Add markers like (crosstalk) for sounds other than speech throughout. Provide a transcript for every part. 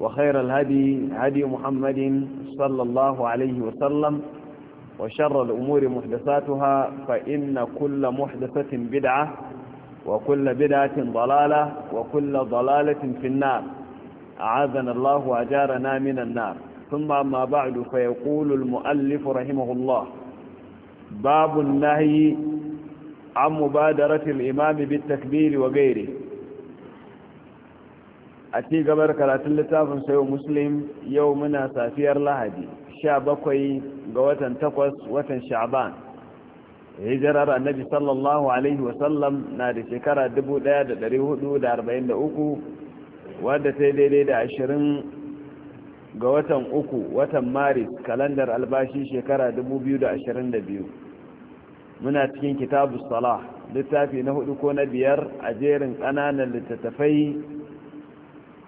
وخير الهدي هدي محمد صلى الله عليه وسلم وشر الأمور محدثاتها فإن كل محدثة بدعة وكل بدعة ضلالة وكل ضلالة في النار أعاذنا الله وأجارنا من النار ثم ما بعد فيقول المؤلف رحمه الله باب النهي عن مبادرة الإمام بالتكبير وغيره a ci gabar karatun littafin sayo muslim yau muna safiyar lahadi sha bakwai ga watan takwas watan sha'ban hijirar annabi sallallahu alaihi wasallam na da shekara 1443 wadda ta daidai da ashirin ga watan uku watan maris kalandar albashi shekara 2022 muna cikin kitabu salah littafi na hudu ko na biyar a jerin ƙananan littattafai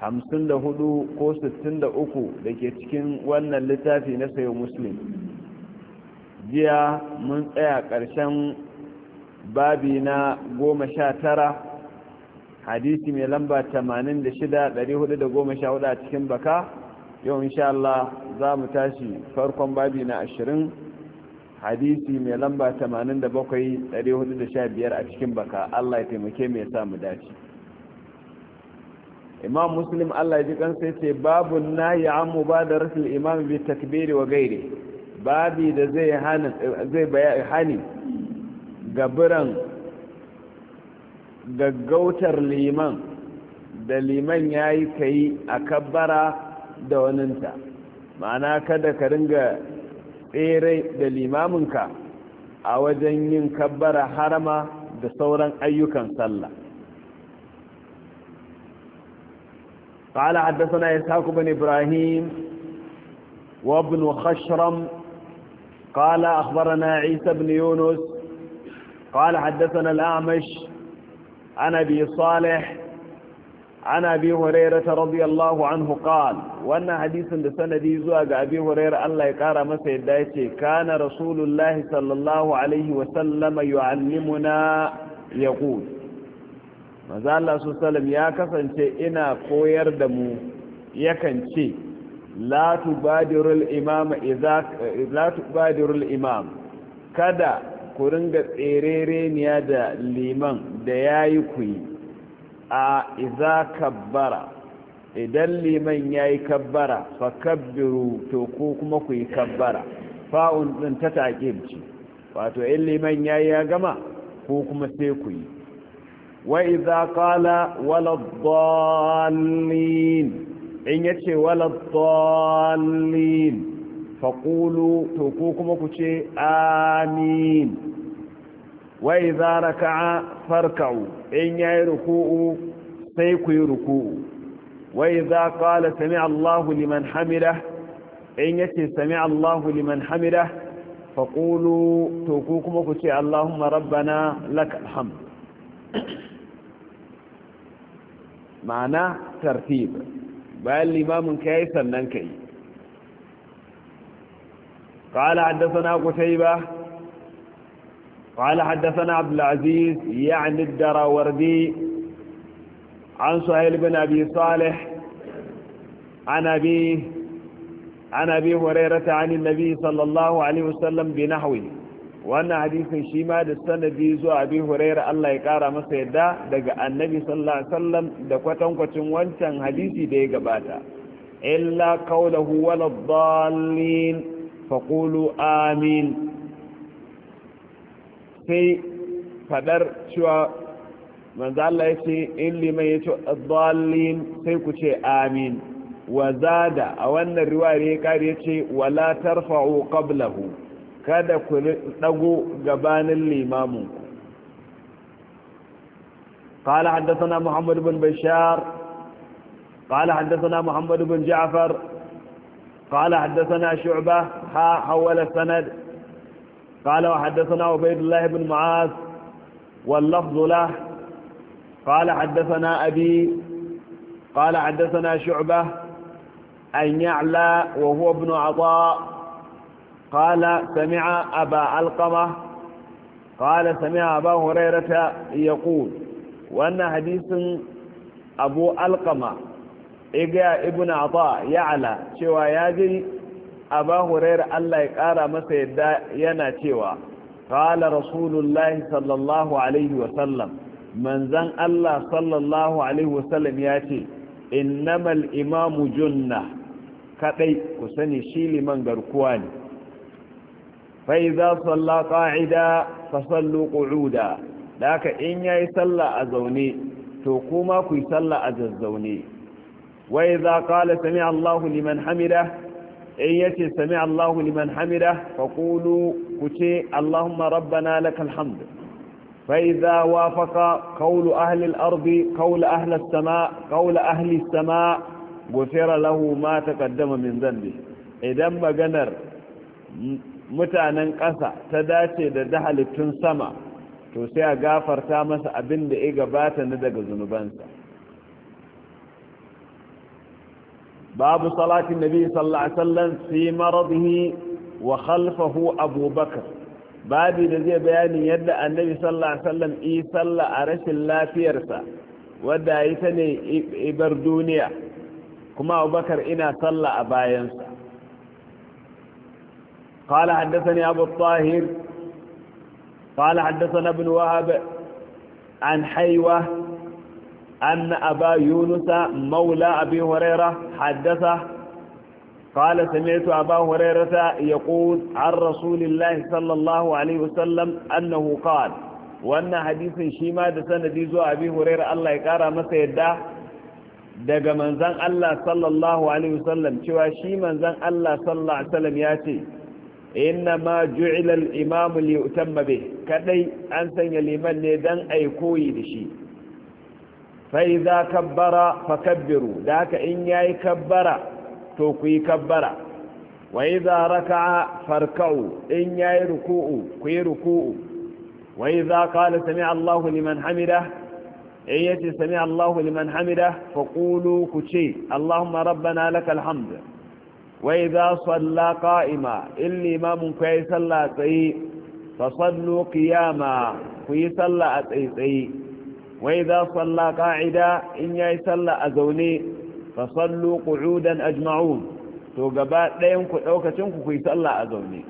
hamsin da hudu ko sittin da uku da ke cikin wannan littafi na sayo muslim jiya mun tsaya ƙarshen babi na goma sha tara hadisi mai lamba tamanin da shida ɗari hudu da goma sha hudu a cikin baka yau insha Allah za mu tashi farkon babi na ashirin hadisi mai lamba tamanin da bakwai ɗari hudu da sha biyar a cikin baka Allah ya taimake mai sa mu dace imam muslim allah ji kan sai ce babu nahi an mubadaratul imam bi takbiri wa gairi babi da zai hana zai bayani gaburan gaggautar liman da liman yayi kai a kabbara da waninta ma'ana kada ka ringa tsere da limaminka a wajen yin kabbara harama da sauran ayyukan sallah قال حدثنا إسحاق بن إبراهيم وابن خشرم قال أخبرنا عيسى بن يونس قال حدثنا الأعمش عن أبي صالح عن أبي هريرة رضي الله عنه قال وأن حديث لسنة دي زواج أبي هريرة الله يقار مسيد دايتي كان رسول الله صلى الله عليه وسلم يعلمنا يقول Maza Allah su salam ya kasance ina koyar da mu yakan ce la tubadirul imam imam kada ku ringa tserereniya da liman da ya yi ku a iza kabbara idan liman ya yi kabbara fa kabbiru to ko kuma ku yi kabbara fa'un ɗin ta taƙib ce wato in liman ya yi ya gama ko kuma sai ku yi وإذا قال ولا الضالين إن يتشي ولا الضالين فقولوا توقوكم وكتشي آمين وإذا ركع فاركعوا إن يركوء سيكو يركوء وإذا قال سمع الله لمن حمله إن يتشي سمع الله لمن حمله فقولوا توقوكم وكتشي اللهم ربنا لك الحمد ma'ana tartib bayan limamin ka yi sannan ka yi قال حدثنا قتيبة قال حدثنا عبد العزيز يعني الدراوردي عن سهيل بن أبي صالح عن أبي عن أبي هريرة عن النبي صلى الله عليه وسلم بنحوه wannan hadisin shi ma da sanadi zuwa abin huraira Allah ya kara masa yadda daga annabi sallallahu alaihi wasallam da kwatankwacin wancan hadisi da ya gabata illa qawluhu wala dallin faqulu amin sai fadar cewa manzo Allah yace in liman yace dallin sai ku ce amin wa zada a wannan riwaya ya kare yace wala tarfa'u qablahu kada ku dago gabanin limamin قال حدثنا محمد بن بشار قال حدثنا محمد بن جعفر قال حدثنا شعبة ها حول السند قال وحدثنا عبيد الله بن معاذ واللفظ له قال حدثنا أبي قال حدثنا شعبة أن يعلى وهو ابن عطاء قال سمع أبا القمة قال سمع أبا هريرة يقول وأن حديث أبو القمة إجا ابن عطاء يعلى شوى ياجي أبا هريرة الله يقارى مسيد ينا شوى قال رسول الله صلى الله عليه وسلم من زن الله صلى الله عليه وسلم ياتي إنما الإمام جنة kaɗai ku sani shi liman garkuwa ne فإذا صلى قاعدا فصلوا قعودا لك إن يصلى أزوني توقوما كي صلى أزوني وإذا قال سمع الله لمن حمده إن يتي سمع الله لمن حمده فقولوا كتي اللهم ربنا لك الحمد فإذا وافق قول أهل الأرض قول أهل السماء قول أهل السماء غفر له ما تقدم من ذنبه إذا ما جنر mutanen ƙasa ta dace da da halittun sama to sai a gafarta masa abin da ya gabata na daga zunubansa babu salatin nabi sallallahu alaihi wasallam fi maradihi wa khalfahu abubakar babu da zai bayani yadda annabi sallallahu alaihi wasallam yi a rashin lafiyarsa wadda yi ta ne ibar duniya kuma abubakar ina sallah a bayansa قال حدثني أبو الطاهر قال حدثنا ابن وهب عن حيوة أن أبا يونس مولى أبي هريرة حدثه قال سمعت أبا هريرة يقول عن رسول الله صلى الله عليه وسلم أنه قال وأن حديث شيما دسنا ديزو أبي هريرة الله يقارى مسيدا daga manzan Allah sallallahu Alaihi wasallam cewa shi manzan Allah sallallahu Alaihi wasallam ya ce inna ma ju'ila al-imam li yutamma bih kadai an sanya liman ne dan ai koyi da shi fa idza kabbara fakabbiru da haka in yayi kabbara to ku yi kabbara wa idza raka'a farka'u in yayi ruku'u ku yi ruku'u wa idza qala sami'a Allahu liman hamidah in yace sami Allahu liman hamida fa qulu ku ce Allahumma rabbana lakal hamd wai za salla qa'ima in limamin ku yi sallah tsaye fa sallu ku yi sallah a tsaye wai za salla qa'ida in yayi sallah a zaune fa sallu qu'udan ajma'un to gaba ɗayan ku ɗaukacin ku ku yi sallah a zaune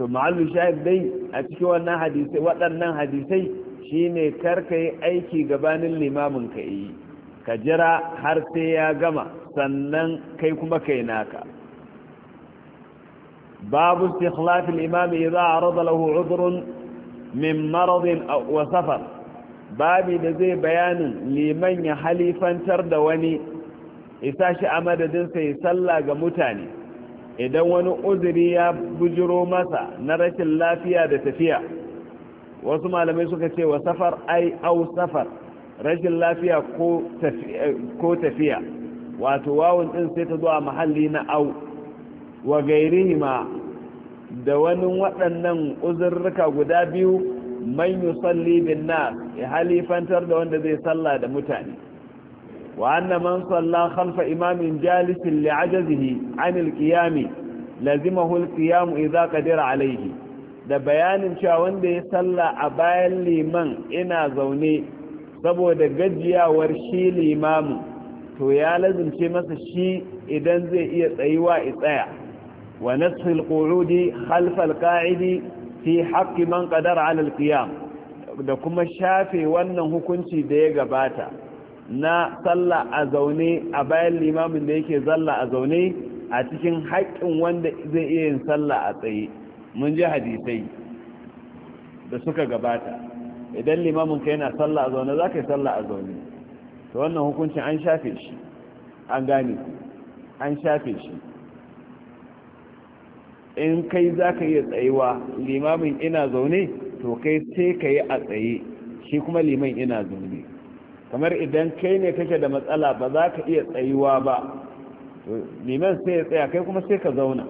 to ma'allu shahid dai a cikin wannan hadisai waɗannan hadisai shine karka yi aiki gabanin limamin ka yi ka jira har sai ya gama sannan kai kuma kai naka babu istikhlaf imami imam idza arada lahu udhrun min marad wa safar babi da zai bayanin liman ya halifantar da wani isa shi a madadin sai sallah ga mutane idan wani uzuri ya bujiro masa na rashin lafiya da tafiya wasu malamai suka ce wa safar ai au safar rashin lafiya eh, ko tafiya wato wawun ɗin sai ta zuwa mahalli na au wa gairihi ma da wani waɗannan uzurruka guda biyu man salli bin ya halifantar da wanda zai salla da mutane wa anna man salla khalfa imamin jalisin li'ajazihi anil qiyami lazimahu al-qiyam idza qadira alayhi da bayanin cewa wanda ya salla a bayan liman ina zaune saboda gajiyawar shi limamin to ya lazimce masa shi idan zai iya tsayuwa i tsaya wa nasil qurudi khalf alqa'idi fi haqqi man qadara ala alqiyam da kuma shafe wannan hukunci da ya gabata na sallah a zaune a bayan limamin da yake zalla a zaune a cikin haƙƙin wanda zai iya yin sallah a tsaye mun ji hadisai da suka gabata idan limamin ka yana sallah a zaune za ka yi sallah a zaune to wannan hukuncin an shafe shi an gane an shafe shi in kai za ka iya tsayewa limamin ina zaune to kai sai ka yi a tsaye shi kuma liman ina zaune kamar idan kai ne kake da matsala ba za ka iya tsayuwa ba liman sai ya tsaya kai kuma sai ka zauna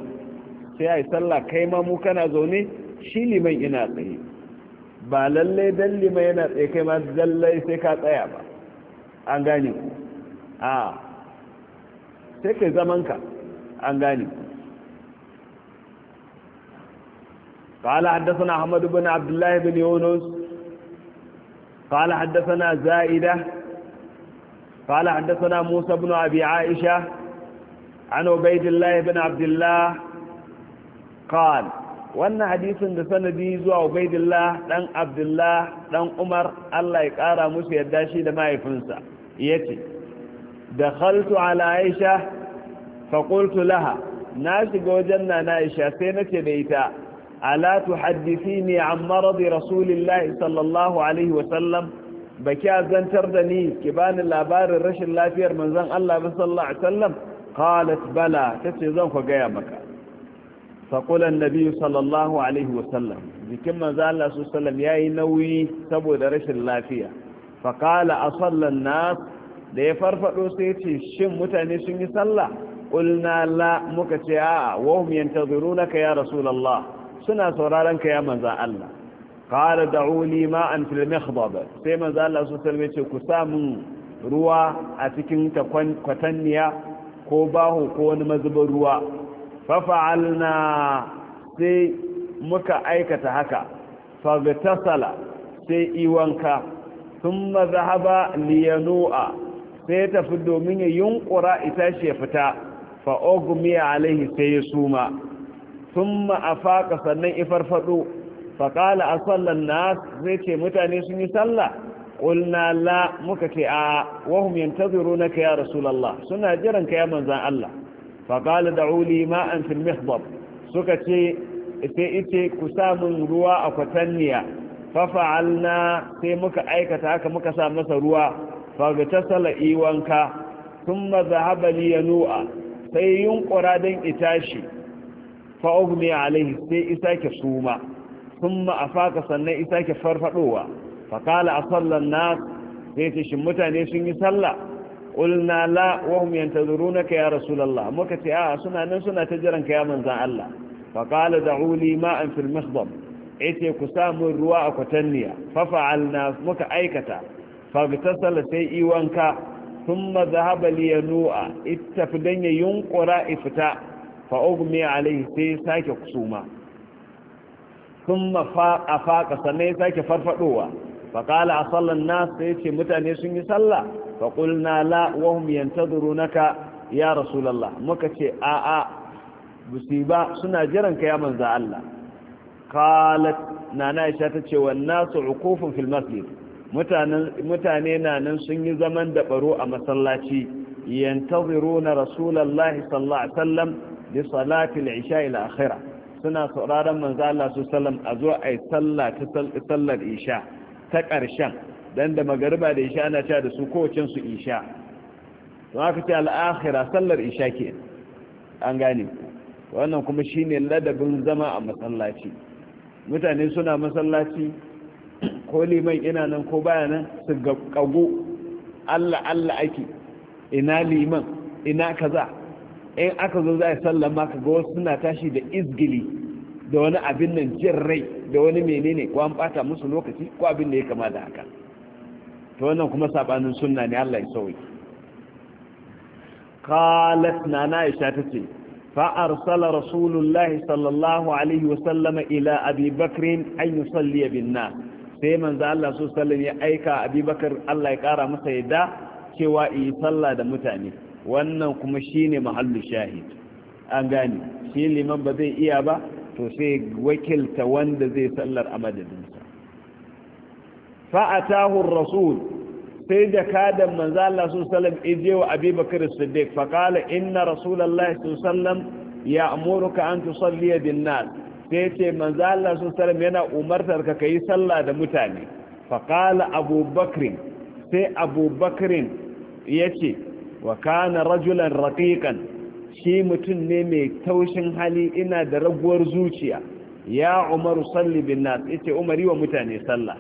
sai a yi sallah kai mamu kana zaune shi liman ina tsaye ba lallai dan lima yana tsaye kai ma lallai sai ka tsaya ba an gane ku a sai kai zamanka an gane ku قال حدثنا أحمد بن عبد الله بن يونس قال حدثنا زائدة قال حدثنا موسى بن أبي عائشة عن عبيد الله بن عبد الله قال wannan hadisin da sanadi zuwa ubaidillah dan abdullah dan umar allah ya kara musu yadda shi da mahaifinsa yace ce da khaltu ala aisha faƙultu laha na shiga wajen na aisha sai na da ita ala tuhaddisi ne an maradi rasulillahi sallallahu alaihi wa sallam baki azantar da ni ki bani labarin rashin lafiyar manzon allah ba sallallahu alaihi wasallam qalat bala tace zan ku gaya maka faƙulan nabi sallallahu alaihi wasallam jikin manzo Allah su sallam ya yi nauyi saboda rashin lafiya faƙala a sallan nas da ya farfaɗo sai ce shin mutane sun yi sallah ƙulna la muka ce a wahum ka ya rasulallah? suna sauraron ka ya manzo Allah qala da'uni ma'an fil mikhdab sai manzo Allah su sallam ya ce ku samu ruwa a cikin kwatanniya ko baho ko wani mazubin ruwa fafa'alna sai muka aikata haka fagtasala sai iwanka sun mazahaba liyanu'a sai ya tafi domin ya yunkura ita shi ya fita fa'ogumiya alaihi sai ya suma sun ma'afaka sannan ifarfaɗo faƙala a sallan na zai ce mutane sun yi sallah ƙulna la muka ce a wahum yantaziru na ka ya rasulallah suna jiran ka ya manzan Allah faƙala da uli ma'an fil suka ce sai ita ku samun ruwa a kwatanniya na sai muka aikata haka muka sa masa ruwa fagatasala iwanka sun ya nua. sai yunkura don itashi fa'ugni alaihi sai isa ke suma sun ma'afaka sannan isa ke farfadowa fakala a sallan na sai ta shi mutane sun yi sallah qulna la wa hum ka ya rasulallah muka ce a suna nan suna ta jiran ka ya manzan Allah fa da huli li ma'an fil bam yace ku samu ruwa a kwatanniya fa na muka aikata fa sai iwanka thumma ya nu'a yanu'a ittafdan yunqura yunƙura fa ugmi alayhi sai sake kusuma thumma faqa sanai sake farfaɗowa. faƙala a sallan nasa ya ce mutane sun yi sallah faƙulna la wahum yantazuru naka ya rasulallah muka ce a'a busi ba suna jiran ka ya manza Allah qalat na aisha ta ce wan nasu uqufun fil masjid mutane na nan sun yi zaman da baro a masallaci yantaziruna rasulullahi sallallahu alaihi wasallam li salati isha ila akhirah suna sauraron manzo Allah sallallahu a zo ai sallah sallar isha ta ƙarshen don da magariba da isha ana cewa da su kowacinsu su isha don haka ce al'akhira sallar isha ke an gane wannan kuma shi ne ladabin zama a masallaci mutane suna masallaci ko liman ina nan ko baya nan su kago allah allah ake ina liman ina kaza in aka zo za a sallar maka ka ga wasu suna tashi da izgili da wani abin nan jin rai da wani menene ko an bata musu lokaci ko abin da ya kama da haka to wannan kuma sabanin sunna ne Allah ya sauki qalat nana aisha tace fa arsala rasulullah sallallahu alaihi sallam ila abi bakr an yusalli bin nas sai manzo Allah su sallam ya aika abi bakr Allah ya kara masa yadda cewa yi sallah da mutane wannan kuma shine mahallu shahid an gane shi liman ba zai iya ba to sai wakilta wanda zai sallar a madadinsa fa'atahu rasul sai da kadan manzo Allah sun sallam ije wa Abi Bakar Siddiq fa qala inna rasulullahi sallam ya'muruka an tusalli sai ce manzo Allah sun yana umartar ka yi sallah da mutane fa qala Abu sai Abu ya yace wa kana rajulan raƙiƙan. shi mutum ne mai taushin hali ina da raguwar zuciya ya umaru salli bin nas yace umar wa mutane sallah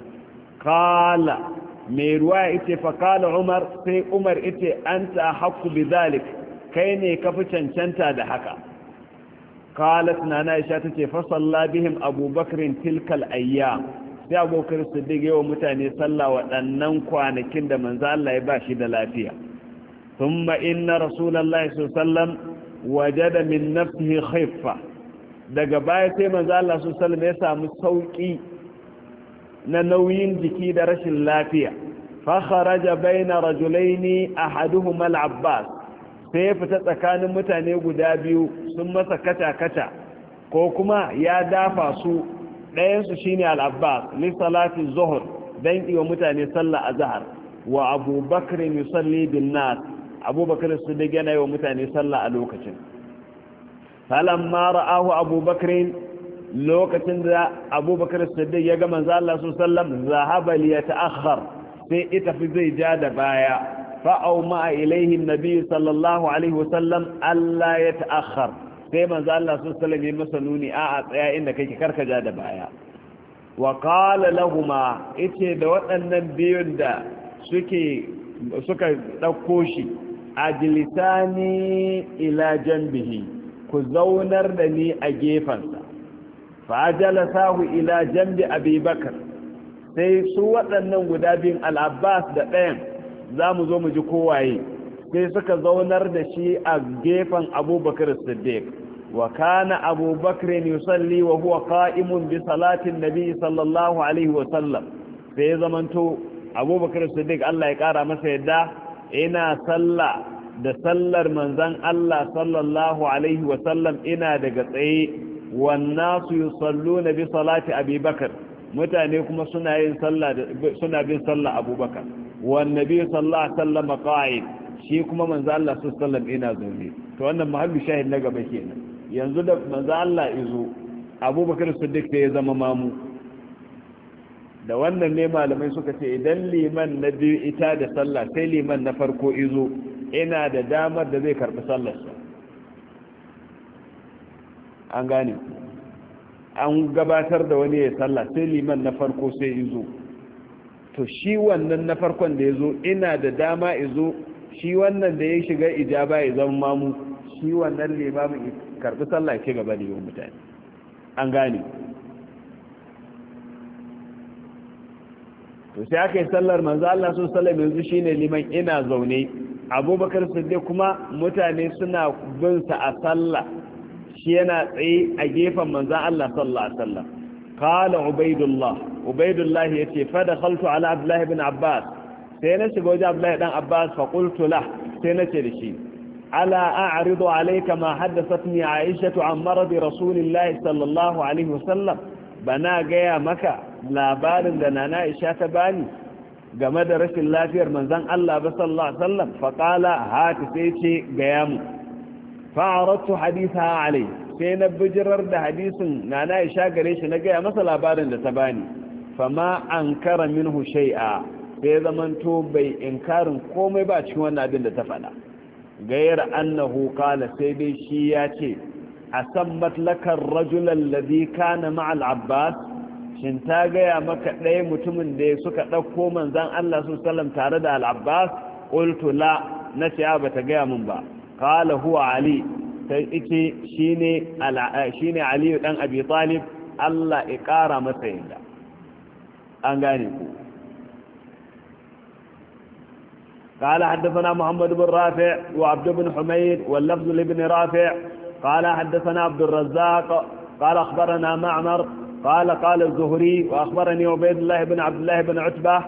qala mai ruwa yace fa qala umar sai umar yace anta haqqu bidhalik kai ne ka fi cancanta da haka Kala nana aisha tace fa salla bihim abubakar tilkal ayyam sai abubakar siddiq yawa mutane sallah waɗannan kwanakin da manzo Allah ya ba shi da lafiya ثم إن رسول الله صلى الله عليه وسلم وجد من daga baya sai maza Allah su sallama ya samu sauki na nauyin jiki da rashin lafiya fa kharaja baina rajulaini ahaduhuma al-abbas sai fita tsakanin mutane guda biyu sun masa kaca-kaca ko kuma ya dafa su ɗayansu su shine al-abbas li salati zuhr dan iya mutane sallah azhar wa abubakar yusalli bin nas abubakar da yana yi wa mutane sallah a lokacin falamma ra'ahu abubakar lokacin da abubakar siddiq ya gama manzo Allah sallam alaihi wasallam zahaba li yata'akhkhar sai ita fi zai ja da baya fa au ma ilaihi nabi sallallahu alaihi wasallam alla yata'akhkhar sai manzo Allah sallallahu alaihi wasallam ya masa nuni a a tsaya inda kai karka ja da baya wa qala lahumu ite da waɗannan biyun da suke suka ɗauko shi ajlisani ila janbihi ku zaunar da ni a sa. fajala sahu ila janbi abubakar sai su waɗannan guda biyun al'abbas da ɗayan za mu zo mu ji kowaye sai suka zaunar da shi a gefen abubakar siddiq wa kana abubakar yusalli wa huwa qa'imun bi salatin nabi sallallahu alaihi wa sallam sai ya zamanto abubakar siddiq Allah ya kara masa yadda ina sallah da sallar manzan Allah sallallahu alaihi wasallam ina daga tsaye wannasu yusalluna bi salati abubakar mutane kuma suna bin sallah abubakar wan nabi sallah alaihi wasallam shi kuma manzan Allah sallallahu alaihi ina zaune ta wannan mahallu shahid na gaba kenan yanzu da manzan Allah izo abubakar siddiq sai ya zama mamu da wannan ne malamai suka ce idan liman na biyu ita da sallah sai liman na farko izo ina da damar da zai karbi sallarsa an gane an gabatar da wani ya sallah sai liman na farko sai izo to shi wannan na farkon da ya zo ina da dama izo shi wannan da ya shiga ijaba ya zama mamu shi wannan limamin karbi sallah ke gaba da yawan mutane an gane to sai aka yi sallar manzo Allah sun sallar yanzu shine liman ina zaune abubakar siddiq kuma mutane suna bin sa a sallah shi yana tsaye a gefen manzo Allah sallallahu alaihi wasallam qala ubaidullah ubaidullah yace fa dakhaltu ala abdullah ibn abbas sai na shiga wajen abdullah dan abbas fa qultu lah sai na ce da shi ala a'ridu alayka ma haddathatni aisha an marad rasulillahi sallallahu alaihi wasallam bana gaya maka labarin da nana isha ta bani game da rashin lafiyar manzan Allah ba sallallahu alaihi wasallam fa sai ce ga yamu fa haditha alai sai na bijirar da hadisin nana isha gare shi na gaya masa labarin da ta bani fa ma ankara minhu shay'a sai zamanto bai inkarin komai ba cikin wannan abin da ta faɗa gayar annahu qala sai dai shi ya ce san matlakar rajulan ladhi kana ma'al abbas shin ta gaya maka ɗaya mutumin da ya suka ɗauko manzan Allah su salam tare da al'abbas ƙultu la na ce ba ta gaya min ba kala huwa ali ta ice shi ne aliyu ɗan abi talib Allah ya ƙara masa yadda an gane ku قال حدثنا محمد بن رافع وعبد بن حميد واللفظ لابن رافع قال حدثنا عبد الرزاق قال أخبرنا معمر قال قال الزهري وأخبرني عبيد الله بن عبد الله بن عتبة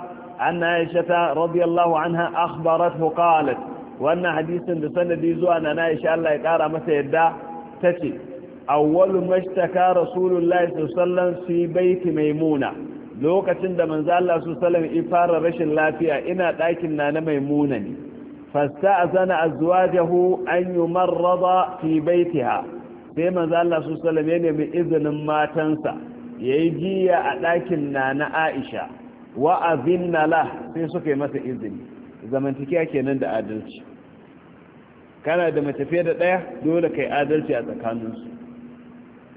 أن عائشة رضي الله عنها أخبرته قالت وأن حديث بسند زو أن عائشة الله يقارى مسيدا تتي أول ما اشتكى رسول الله صلى الله عليه وسلم في بيت ميمونة lokacin da manzo Allah su sallam ya fara rashin lafiya ina ɗakin na na maimuna ne fasta'zana azwajahu an yumarrada fi baitiha sai manzo Allah su sallam ya nemi izinin matansa Yayi yi a ɗakin na na aisha wa na la sai suka yi masa izini zamantakiya kenan da adalci kana da mace da ɗaya dole kai adalci a tsakaninsu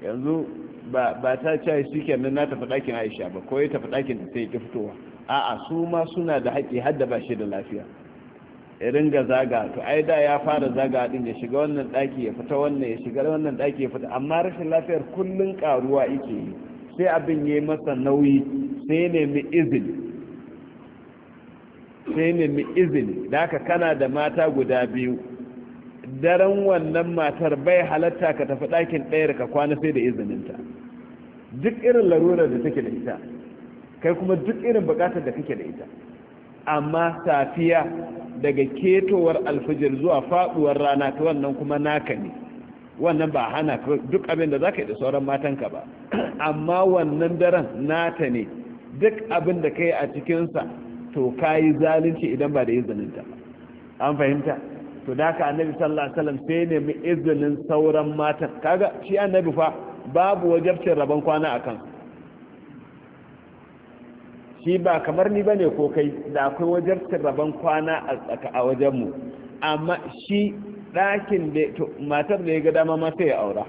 yanzu ba ta ce shi kenan na tafi ɗakin aisha ba ko ya tafi ɗakin ta sai kiftowa fitowa a'a su ma suna da haƙƙi hadda ba shi da lafiya irin ga zaga to ai da ya fara zaga din ya shiga wannan ɗaki ya fita wannan ya shiga wannan ɗaki ya fita amma rashin lafiyar kullun ƙaruwa yake yi sai abin ya yi masa nauyi sai nemi izini sai nemi izini da ka kana da mata guda biyu daren wannan matar bai halatta ka tafi ɗakin ɗayar ka kwana sai da izininta duk irin larurar da take da ita kai kuma duk irin bukatar da kake da ita amma safiya daga ketowar alfijir zuwa faɗuwar rana ta wannan kuma naka ne wannan ba hana duk abin da za ka yi da sauran matanka ba (clears throat) amma wannan daren nata ne duk abin da ka yi a cikinsa to ka yi zalunci idan ba da izininta an fahimta to da ka annabi sallallahu alaihi wasallam sai mu izinin sauran matan kaga shi annabi fa babu wajabcin rabon kwana akan shi ba kamar ni bane ko kai da akwai wajabcin rabon kwana a tsaka a wajen mu amma shi ɗakin da matar da ya ga dama ma sai ya aura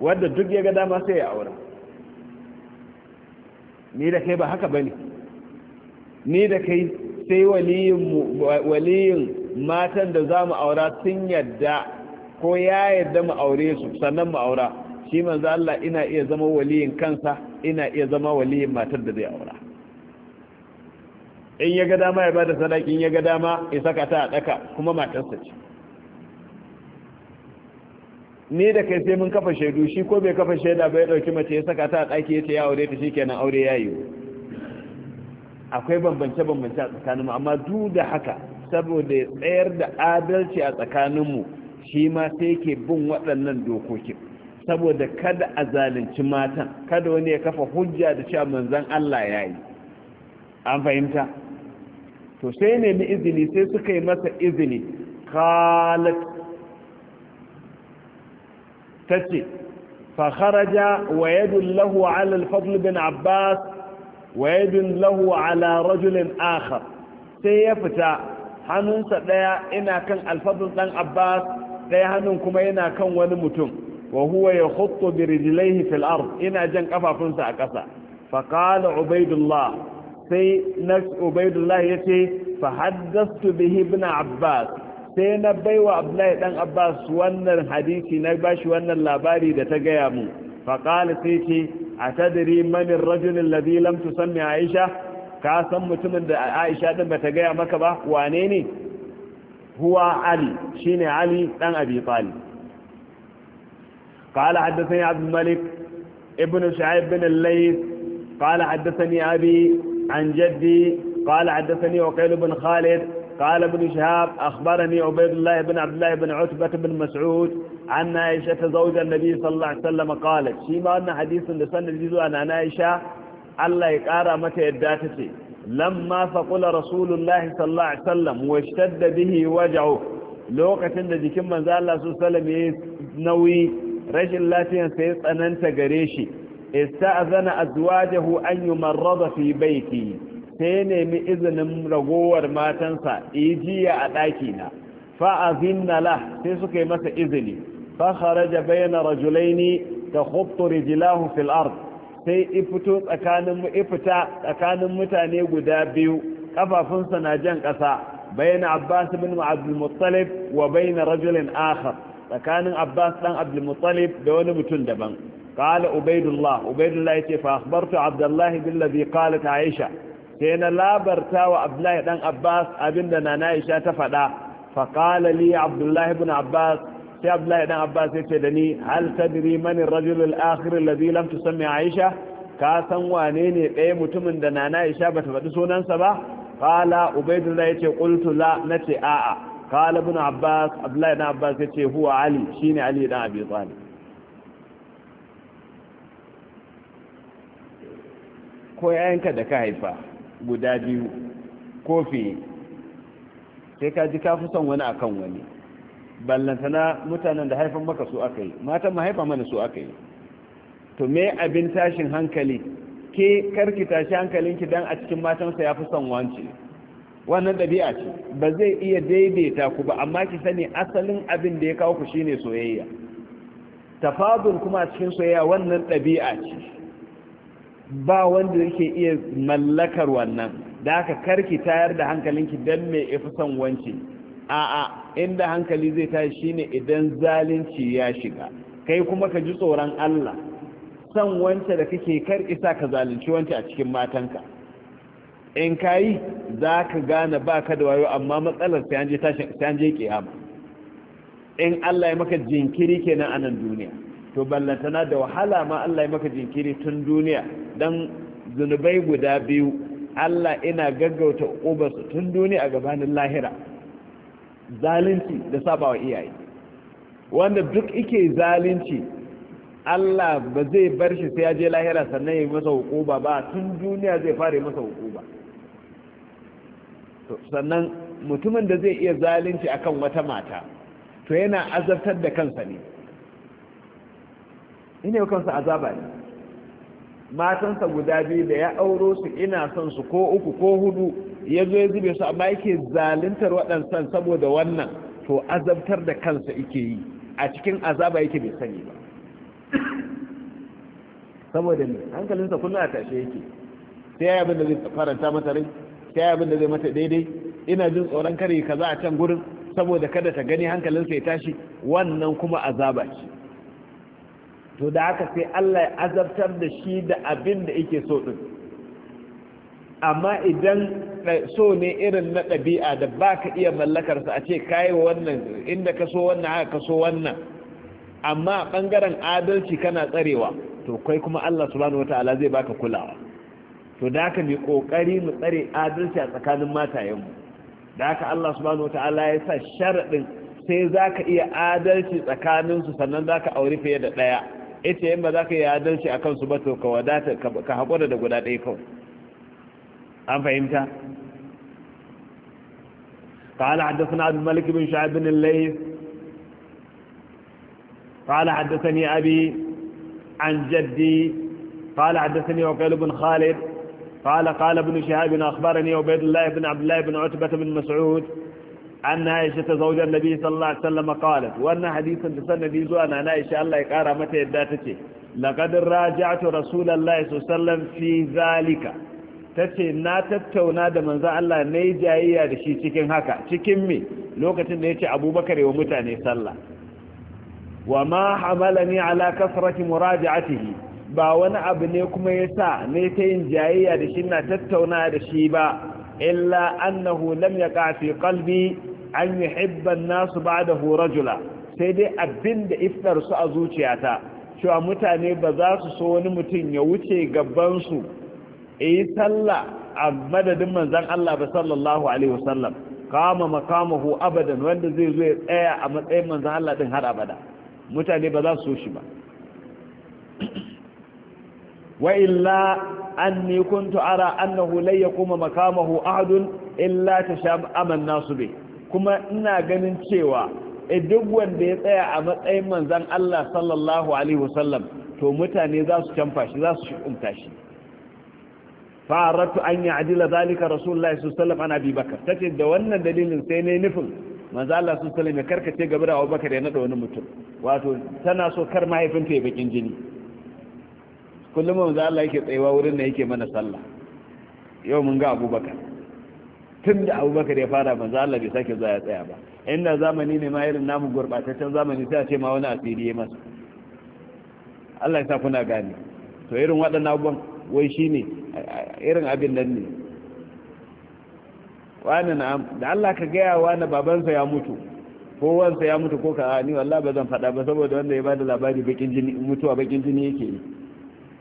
wadda duk ya ga dama sai ya aura ni da kai ba haka ba ne ni da kai sai waliyin matan da za mu aura sun yadda ko ya yadda mu aure su sannan mu aura shi manzo Allah ina iya zama waliyin kansa ina iya zama waliyin matar da zai aura in ya ga dama ya bada sadaki in ya ga dama ya saka ta a daka kuma matarsa ce ni da kai sai mun kafa shaidu shi ko bai kafa shaida ba ya dauki mace ya saka ta a daki yace ya aure ta shikenan aure ya akwai bambance bambance a tsakaninmu amma duk da haka saboda tsayar da adalci a tsakaninmu shi ma sai ke bin waɗannan dokokin saboda kada a zalunci matan kada wani ya kafa hujja da cewa manzon Allah yayi an fahimta to sai nemi izini sai suka yi masa izini kalat ta ce fakharaja wa yadun lahu ala bin abbas wa yadun lahu ala rajulin akhar sai ya fita hannunsa ɗaya ina kan alfadl ɗan abbas ɗaya hannun kuma yana kan wani mutum wa huwa ya khutto bi fil ina jan kafafunsa a ƙasa kala ubaidullah sai na ubaidullahi ya ce fa haddastu bihi ibn abbas sai na baiwa abdullahi dan abbas wannan hadisi na bashi wannan labari da ta gaya mu fa qala sai ce atadri man ar-rajul alladhi lam tusammi aisha ka san mutumin da aisha din bata gaya maka ba wane ne huwa ali shine ali dan abi talib قال حدثني عبد الملك ابن شعيب بن الليث قال حدثني أبي عن جدي قال حدثني وقيل بن خالد قال ابن شهاب أخبرني عبيد الله بن عبد الله بن عتبة بن مسعود عن عائشة زوج النبي صلى الله عليه وسلم قالت شيما أن حديث لسنة جزء عن عائشة الله يقارى متى إداتتي لما فقل رسول الله صلى الله عليه وسلم واشتد به وجعه lokacin da jikin manzo Allah su sallam ya nauyi rashin lafiyan sai tsananta gare shi ista'zana azwajahu an yumarrada fi baiti sai nemi izinin ragowar matansa jiya a ɗakina na fa'azinna sai suka masa izini fa kharaja bayna rajulaini takhuttu rijlahu fil ard sai ifito tsakanin ifita tsakanin mutane guda biyu kafafunsa na jan ƙasa bayan abbas bin abdulmuttalib wa bayan rajulin akhar tsakanin abbas dan abdulmuttalib da wani mutum daban قال عبيد الله عبيد الله يتي فأخبرت عبد الله بالذي قالت عائشة سينا لا برتاو عبد الله بن عباس أبننا نائشة تفدا فقال لي عبد الله بن عباس سي عبد الله بن عباس يتدني هل تدري من الرجل الآخر الذي لم تسمي عائشة كاسا وانيني بي متمن دنا نائشة بتفدسونا سبا قال عبيد الله يتي قلت لا نتي آآ قال ابن عباس عبد الله بن عباس يتي هو علي شيني علي بن أبي طالب ko yayanka da ka haifa guda biyu ko sai ka ji ka son wani akan wani na mutanen da haifan maka su aka yi matan mahaifa mana su aka yi to me abin tashin hankali ke karki tashi hankalinki dan a cikin matansa ya fi son wance wannan ɗabi'a ce ba zai iya daidaita ku ba amma ki sani asalin abin da ya kawo ku shine soyayya tafadul kuma a cikin soyayya wannan ɗabi'a ce ba wanda yake iya mallakar wannan da aka karki tayar da hankalinki don me ifi son wance a'a inda hankali zai tashi shine idan zalunci ya shiga kai kuma ka ji tsoron Allah son wance da kake kar isa ka zalunci wance a cikin matanka in kayi za ka gane ba ka da wayo amma matsalar sai an je kiyama in Allah ya maka jinkiri kenan a nan duniya to ballantana da wahala ma Allah ya maka jinkiri tun duniya dan zunubai guda biyu Allah ina gaggauta ubarsu tun duniya a gabanin lahira zalunci da sabawa iyaye wanda duk ike zalunci Allah ba zai bar shi sai ya je lahira sannan ya masa hukuba ba tun duniya zai fara masa hukuba sannan mutumin da zai iya zalunci akan wata mata to yana azabtar da kansa ne ina yau kansa azaba ne matansa guda biyu da ya auro su ina son su ko uku ko hudu ya zo ya zube su amma yake zaluntar waɗansan saboda wannan to azabtar da kansa yake yi a cikin azaba yake bai sani ba saboda ne hankalinsa kuna a tashe yake sai ya abin da zai faranta mata rai sai ya abin da zai mata daidai ina jin tsoron kare kaza a can gurin saboda kada ta gani hankalinsa ya tashi wannan kuma azaba ce to da haka sai Allah ya azabtar da shi da abin da yake so din amma idan so ne irin na ɗabi'a da ba ka iya mallakarsa a ce kayi wannan inda ka so wannan haka ka so wannan amma ɓangaren adalci kana tsarewa to kai kuma Allah subhanahu wata'ala zai baka kulawa to da haka mai ƙoƙari mu tsare adalci a tsakanin matayenmu da haka Allah subhanahu wata'ala ya sa sharaɗin sai za ka iya adalci tsakaninsu sannan za ka aure fiye da ɗaya ita in ba za ka yi adalci a kansu ba to ka wadata ka haƙura da guda ɗaya kawai an fahimta قال حدثنا عبد الملك بن شعب بن الليث قال حدثني أبي عن جدي قال حدثني وقيل بن خالد قال قال ابن شهاب أخبرني عبيد الله بن عبد الله بن عتبة بن مسعود an na aisha ta zaujen nabi sallallahu alaihi wasallam qalat wannan hadisin da sanadi zuwa na aisha Allah ya kara mata yadda tace laqad raja'tu rasulullahi sallallahu fi zalika tace na tattauna da manzo Allah nayi jayayya da shi cikin haka cikin me lokacin da yace Abubakar wa mutane sallah wa ma hamalani ala kasrati muraja'atihi ba wani abu ne kuma yasa ne ta yin jayayya da shi na tattauna da shi ba illa annahu lam yaqa fi qalbi an yi hibban nasu ba da horajula sai dai abin da iftarsu a zuciyata cewa mutane ba za su so wani mutum ya wuce gabansu a yi sallah a madadin manzan Allah ba sallallahu alaihi wasallam kama makamahu abadan wanda zai zo ya tsaya a matsayin manzan Allah din har abada mutane ba za su so shi ba wa illa anni kuntu ara annahu la yakuma makamahu ahadun illa tasha aman nasu bai. kuma ina ganin cewa e duk wanda ya tsaya a matsayin manzan Allah sallallahu alaihi wasallam to mutane za su canfa shi za su shi'umta shi Faratu an ya'dila zalika rasulullahi sallallahu alaihi wasallam an abi bakar tace da wannan dalilin sai ne nufin manzan Allah sallallahu alaihi wasallam ya karkace gaba da Abubakar ya nada wani mutum wato tana so kar mahaifinta ya bakin jini kullum manzo Allah yake tsayawa wurin da yake mana sallah yau mun ga Abubakar tun da abubakar ya fara manzo Allah bai sake zuwa ya tsaya ba inda zamani ne ma irin namu gurbataccen zamani sai a ce ma wani asiri ya masa Allah ya sa kuna gane to irin waɗannan abubuwan wai shine irin abin nan ne wani na da Allah ka gaya wani babansa ya mutu ko wansa ya mutu ko ka ni wallahi ba zan faɗa ba saboda wanda ya bada labari bakin jini mutuwa bakin jini yake yi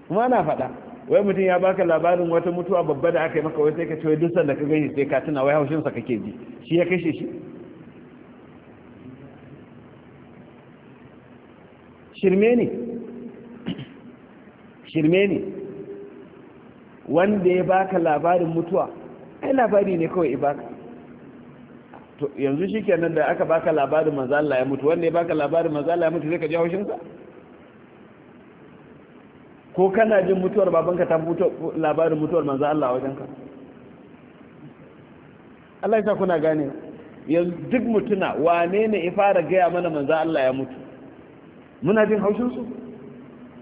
kuma na faɗa wai mutum ya baka labarin wata mutuwa babba da aka yi maka wai sai ka cewa wai da ka gani sai ka tuna wai haushinsa kake ji shi ya kashe shi shirme ne shirme ne wanda ya baka labarin mutuwa ai labari ne kawai ibaka yanzu shi kenan da aka baka labarin manzala ya mutu wanda ya baka labarin manzala ya mutu sai ka ji haushinsa ko kana jin mutuwar babanka ta labarin mutuwar manzo Allah a wajenka Allah ya sa kuna gane yanzu duk mutuna wane ne ya fara gaya mana manzo Allah ya mutu muna jin haushin su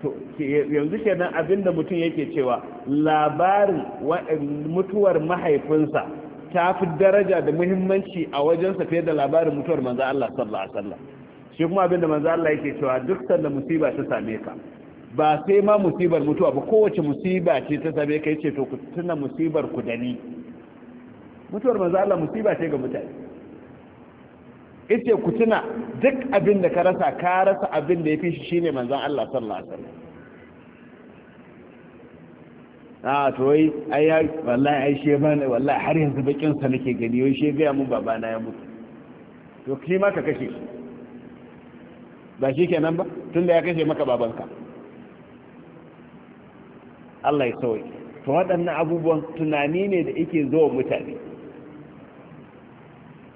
to yanzu kenan abinda mutum yake cewa labarin mutuwar mahaifinsa ta fi daraja da muhimmanci a wajensa fiye da labarin mutuwar manzo Allah sallallahu alaihi wasallam shi kuma abinda manzo Allah yake cewa duk sanda musiba ta same ka ba sai ma musibar mutuwa ba kowace musiba ce ta same kai ce to ku tuna musibar ku da ni mutuwar manzo Allah musiba ce ga mutane yace ku tuna duk abin da ka rasa ka rasa abin da yafi shi shine manzo Allah sallallahu alaihi wasallam a to wai ai wallahi ai she ba wallahi har yanzu bakin sa nake gani wai she ga mun baba na ya mutu to kima ka kashe ba shi kenan ba tunda ya kashe maka babanka Allah ya sauyi to waɗannan abubuwan tunani ne da yake zo mutane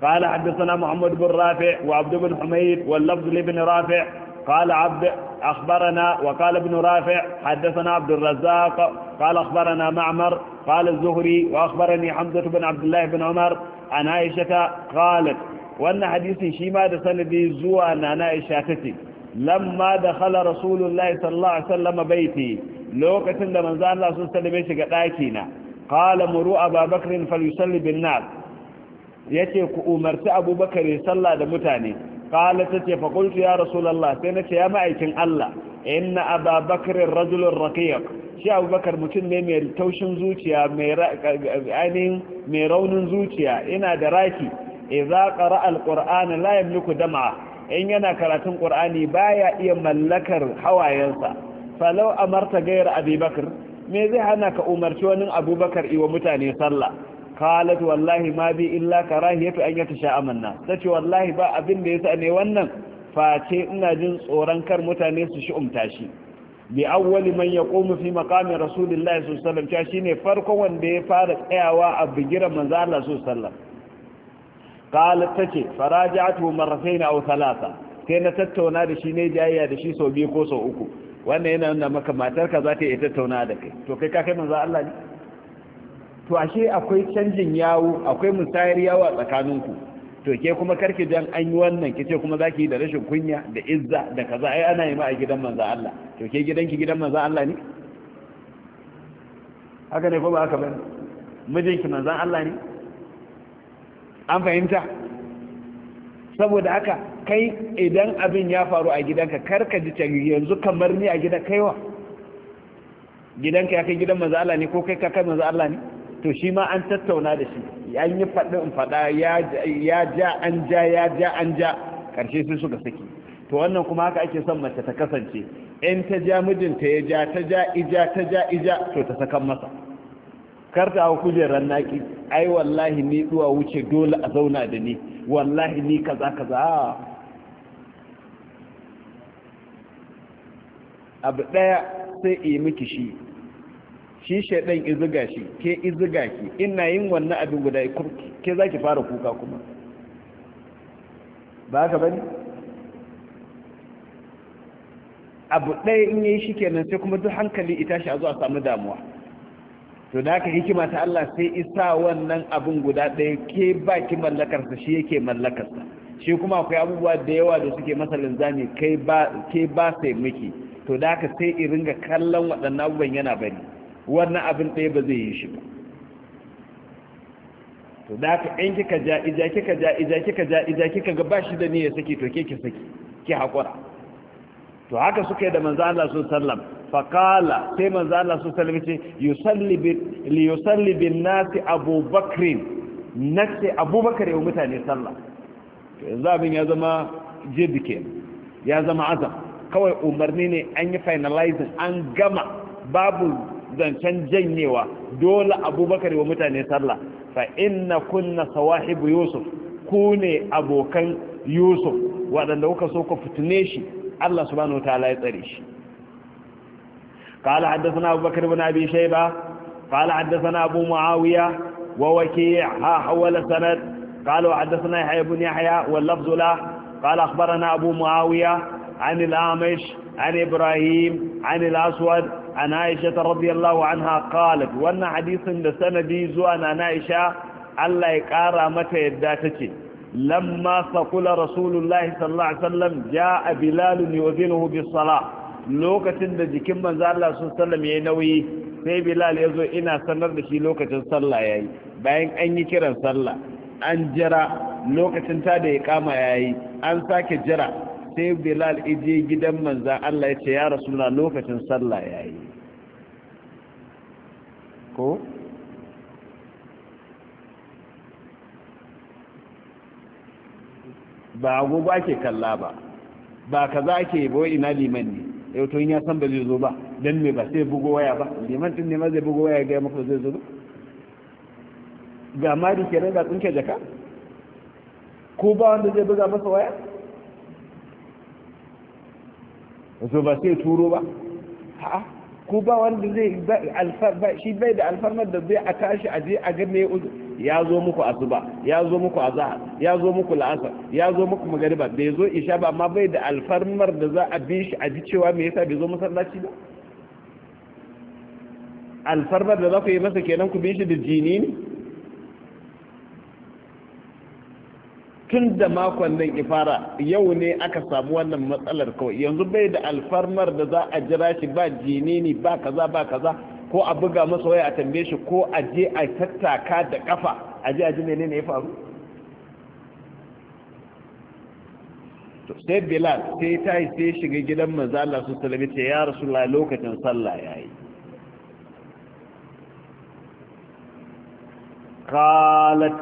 قال حدثنا محمد بن رافع وعبد بن حميد واللفظ لابن رافع قال عبد أخبرنا وقال ابن رافع حدثنا عبد الرزاق قال أخبرنا معمر قال الزهري وأخبرني حمزة بن عبد الله بن عمر عن عائشة قالت وأن حديث شيما سندي زوى عن عائشة لما دخل رسول الله صلى الله عليه وسلم بيتي lokacin da manzo Allah sun sallame shi ga daki na qala muru ababakr falyusalli bin nas yace ku umarci abubakar ya salla da mutane qala tace fa qultu ya rasulullah sai nace ya ma'aikin Allah inna ababakr rajul raqiq shi abubakar mutum ne mai taushin zuciya mai ainin mai raunin zuciya ina da raki idza qara al la yamliku dam'a in yana karatun qur'ani baya iya mallakar hawayensa falau amarta gayar abubakar me zai hana ka umarci wani abubakar iwa mutane sallah qalat wallahi ma bi illa karahiyatu an yata sha'amanna tace wallahi ba abin da yasa ne wannan face ina jin tsoron kar mutane su shi umta shi bi awwali man yaqumu fi maqami rasulillahi sallallahu alaihi wasallam shine farkon wanda ya fara tsayawa a bigiran manzo Allah sallallahu alaihi wasallam qalat tace faraja'atu marratayn aw thalatha sai na tattauna da shi ne jayayya da shi sau biyu ko sau uku wannan yana nuna maka matarka za ta iya tattauna da kai to kai ka kai manzo Allah ne to ashe akwai canjin yawo akwai musayar yawo a tsakaninku to ke kuma karki dan an yi wannan kice kuma zaki yi da rashin kunya da izza da kaza ai ana yi ma a gidan manzo Allah to ke gidanki gidan manzo Allah ne haka ne ko ba haka ba mijinki manzo Allah ne an fahimta saboda haka kai idan abin ya faru a gidanka karka ji can yanzu kamar ni a gidan kaiwa gidanka ya kai gidan manzo ne ko kai ka kai manzo Allah ne to shi ma an tattauna da shi an yi faɗi in faɗa ya ja an ja ya ja an ja ƙarshe sai suka saki to wannan kuma haka ake son mace ta kasance in ta ja mijinta ya ja ta ja ija ta ja ija to ta sakan masa karta hau kujerar naki ai wallahi ni zuwa wuce dole a zauna da ni wallahi ni kaza kaza abu daya sai yi miki shi shi shaidan izuga shi ke izuga ki ina yin wannan abin guda ke za ki fara kuka kuma ba ka bani abu ɗaya in yi shi kenan sai kuma duk hankali ita shi a zuwa samu damuwa to da aka hikima ta Allah sai isa wannan abin guda ɗaya ke baki mallakarsa shi yake mallakarsa shi kuma akwai abubuwa da yawa da suke masalin zane ke ba sai miki to da aka sai irin ga kallon waɗannan abubuwan yana bari wannan abin ɗaya ba zai yi shi ba to da aka ɗan kika ja'ija kika ja'ija kika ja kika ga ba shi da ya saki to ke ki saki ki haƙura to haka suka yi da manzo Allah sallallahu alaihi wasallam faƙala sai manzo Allah su salami ce yusalli bin nasi abubakrin nasi abubakar ya mutane sallah yanzu abin ya zama jidike ya zama azam kawai umarni ne an yi finalizing an gama babu zancen janyewa dole abubakar wa mutane sallah fa inna kunna sawahibu yusuf ku ne abokan yusuf waɗanda kuka so ku fitine shi Allah subhanahu wa ta'ala ya tsare shi قال حدثنا أبو بكر بن أبي شيبة قال حدثنا أبو معاوية ووكيع ها حول سند قالوا حدثنا يحيى بن يحيى واللفظ له قال أخبرنا أبو معاوية عن الأعمش عن إبراهيم عن الأسود عن عائشة رضي الله عنها قالت وأن حديث لسندي زوان عن عائشة الله يقارى متى يداتك لما فقل رسول الله صلى الله عليه وسلم جاء بلال يؤذنه بالصلاة lokacin da jikin manzo Allah sun sallam yayi nauyi sai Bilal ya zo ina sanar da shi lokacin sallah yayi bayan an yi kiran sallah an jira lokacin ta da ya kama yayi an sake jira sai Bilal ije gidan manzo Allah ya ce ya Rasulullah lokacin sallah yayi ko ba agogo ake kalla ba ba kaza ake boye ina liman ne yau eh, to in ya san ba zai zo ba dan me ba sai bugo waya ba liman din ne ma zai bugo waya ga maka zai zo ba ga mari ke da tsinke jaka ko ba wanda zai buga masa waya zo ba sai turo ba a'a ko ba wanda zai alfar ba shi bai da alfarmar da zai a tashi a je a ga me uzuri ya zo muku asuba ya zo muku Azahar, ya zo muku la'asar ya zo muku magariba bai zo isha ba amma bai da alfarmar da za a bi shi a ji cewa me yasa bai zo masallaci ba alfarmar da za ku yi masa kenan ku bi shi da jini ne tun da makon nan ifara yau ne aka samu wannan matsalar kawai yanzu bai da alfarmar da za a jira shi ba jini ne ba kaza ba kaza ko a buga masa waya a tambaye shi ko a je a tattaka da kafa a je a ji menene ya faru to sai bilal sai ta yi sai shiga gidan manzo Allah su salami ce ya rasulullah lokacin sallah yayi qalat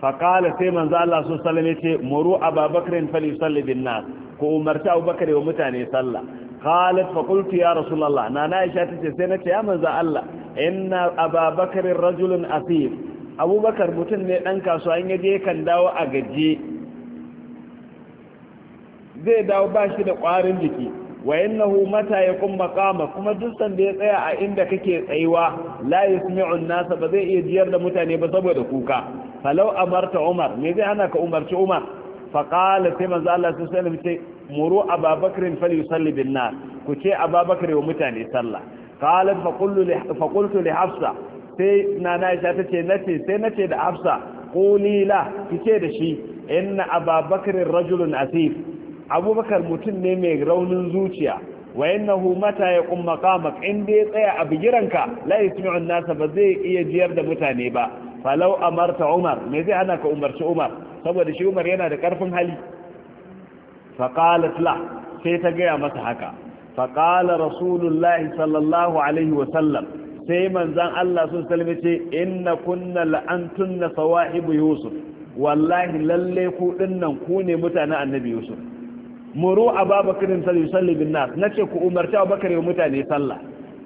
faqala sai manzo Allah su salami ce muru ababakrin fali yusalli bin nas ko umarta abubakar wa mutane sallah Khalid fa qultu ya rasulullah na na aisha tace sai nace ya manzo Allah inna ababakar rajulun asir abubakar mutum ne dan kasuwa in yaje kan dawo a gaje zai dawo bashi da kwarin jiki wa innahu mata yaqum maqama kuma duk sanda ya tsaya a inda kake tsayuwa la yasmi'u an-nasa ba zai iya jiyar da mutane ba saboda kuka falau amarta umar me zai hana ka umarci umar faƙala sai manzo Allah su sallam ce muru ababakarin fali yusalli bin nas ku ce ababakar wa mutane sallah qalat faqultu li hafsa sai nana Aisha tace nace sai nace da hafsa ƙulila la kice da shi inna ababakarin rajulun asif abubakar mutum ne mai raunin zuciya wa innahu mata ya kun maqamak in dai tsaya a bigiranka laifin yasmi'u nasa ba zai iya jiyar da mutane ba falau amarta umar me zai hana ka umarci umar saboda shi umar yana da ƙarfin hali faƙalat la sai ta gaya masa haka faƙala rasulullahi sallallahu alaihi wasallam sai manzan Allah sun salmi ce inna kunna la'antun na sawahibu yusuf wallahi lalle kuɗin nan ku ne mutane annabi yusuf muru ababakirin salli bin nas na ce ku umarta abubakar yi mutane sallah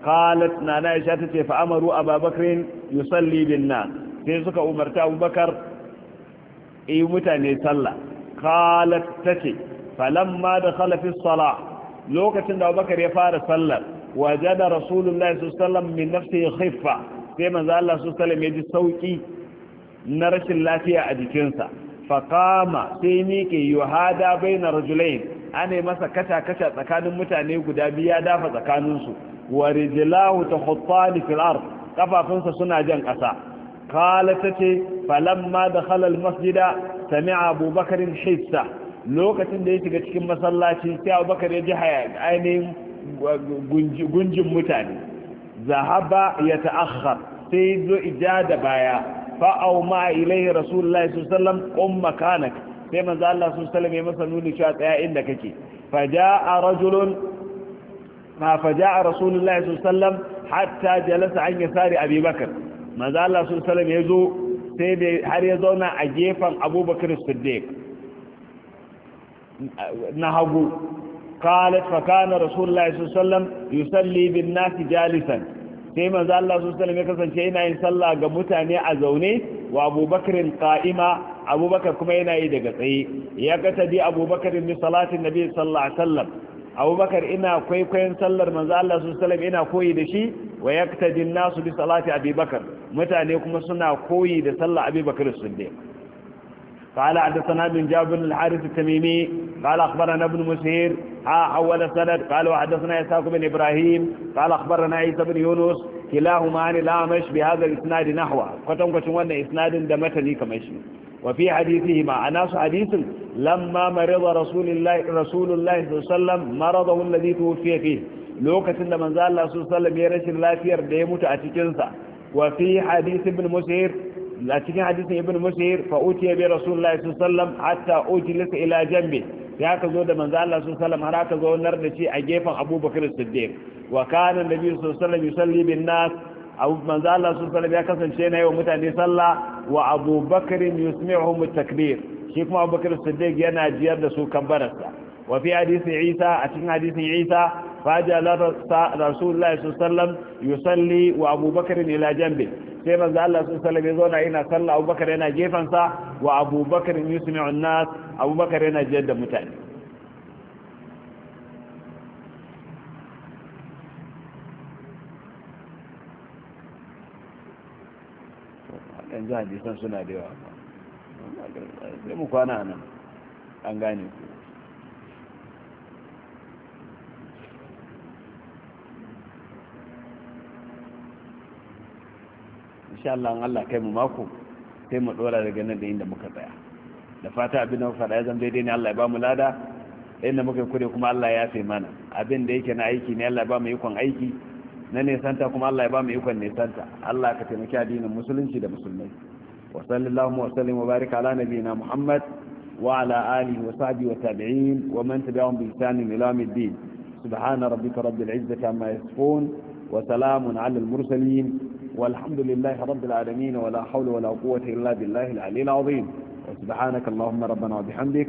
qalat nana aisha ce fa amaru ababakar yusalli bin nas sai suka umarta abubakar yi eh, mutane sallah qalat tace falamma da fi Sala. lokacin da Abubakar ya fara sallar Waje da sallallahu alaihi wasallam min nafsihi khiffa sai manzo Allah sallallahu sallam ya ji sauƙi na rashin lafiya a jikinsa faƙama sai miƙe yuhada bai na rajulayin. ana masa kata-kata tsakanin mutane guda biyu ya dafa tsakaninsu wa rijilahu ta hutsani filar ƙafafunsa suna jan ƙasa kala ta ce falamma da halal masjida sami abubakarin hissa lokacin da ya shiga cikin masallaci sai abubakar ya ji ainihin gunjin mutane zahaba ya ta'akhar sai zo ija da baya fa'au ma ilai rasulullahi Sallam umma kanak sai manzo Allah Sallam ya masa nuni cewa tsaya inda kake faja'a rajulun ma faja'a rasulullahi hatta jalasa an yasari abubakar manzo Allah sun salam ya zo sai da har ya zauna a gefen abubakar siddiq na hagu قالت فكان رسول الله صلى الله عليه وسلم يصلي بالناس sai manzo Allah sallallahu alaihi wasallam ya kasance yana yin sallah ga mutane a zaune wa Abu ka'ima qa'ima Abu Bakar kuma yana yi daga tsaye ya katadi Abu Bakr bi salatin Nabi sallallahu alaihi wasallam abubakar ina kwaikwayon sallar manzo Allah su salam ina koyi da shi wa yaktadin nasu bi salati abubakar mutane kuma suna koyi da sallar abubakar siddiq قال حدثنا بن جابر الحارث التميمي قال أخبرنا ابن مسير ها أول سند قال وحدثنا إسحاق بن إبراهيم قال أخبرنا عيسى بن يونس كلاهما عن الأعمش بهذا الإسناد نحوه قتم قتم وأن إسناد دمتني كما يشمل وفي حديثهما أناس حديث لما مرض رسول الله رسول الله صلى الله عليه وسلم مرضه الذي توفي فيه لوكة من ذا الله صلى الله عليه وسلم يرش الله فير ديموت أتكنسا وفي حديث ابن مسير أتكن حديث ابن مسير فأوتي برسول الله صلى الله عليه وسلم حتى أجلس إلى جنبه ya ka zo da manzo Allah sallallahu alaihi wasallam har aka zo nar da shi a gefen Abu Bakar Siddiq wa kana nabi sallallahu alaihi wasallam yusalli bin nas abu manzo Allah sun sallam ya kasance na yi wa mutane sallah wa abubakar yusmi'uhum takbir shi kuma abubakar siddiq yana jiyar da su kambararsa wa fi hadisi isa a cikin hadisin isa fajalar rasulullahi sallallahu alaihi wasallam yusalli wa abubakar ila jambi sai manzo Allah sun salame zauna yana sallah abubakar yana gefansa wa abubakar yusmi'un nas abubakar yana jiyar da mutane yanzu hadisan suna da yawa sai mu kwana nan an gane ku insha Allah Allah kai mu mako sai mu dora daga nan da inda muka tsaya da fata abin da faɗa ya dai daidai ne Allah ya ba mu lada inda muka kure kuma Allah ya fi mana abin da yake na aiki ne Allah ya ba mu ikon aiki na nesanta kuma Allah ya ba mu ikon nesanta Allah ka taimaki addinin musulunci da musulmai wa sallallahu wa sallim wa barika ala nabiyina Muhammad wa ala alihi wa sahbihi wa tabi'in wa man tabi'ahum bi ihsan ila yawmiddin subhana rabbika rabbil izzati amma yasifun wa salamun ala al mursalin والحمد لله رب العالمين ولا حول ولا قوة إلا بالله العلي العظيم وسبحانك اللهم ربنا وبحمدك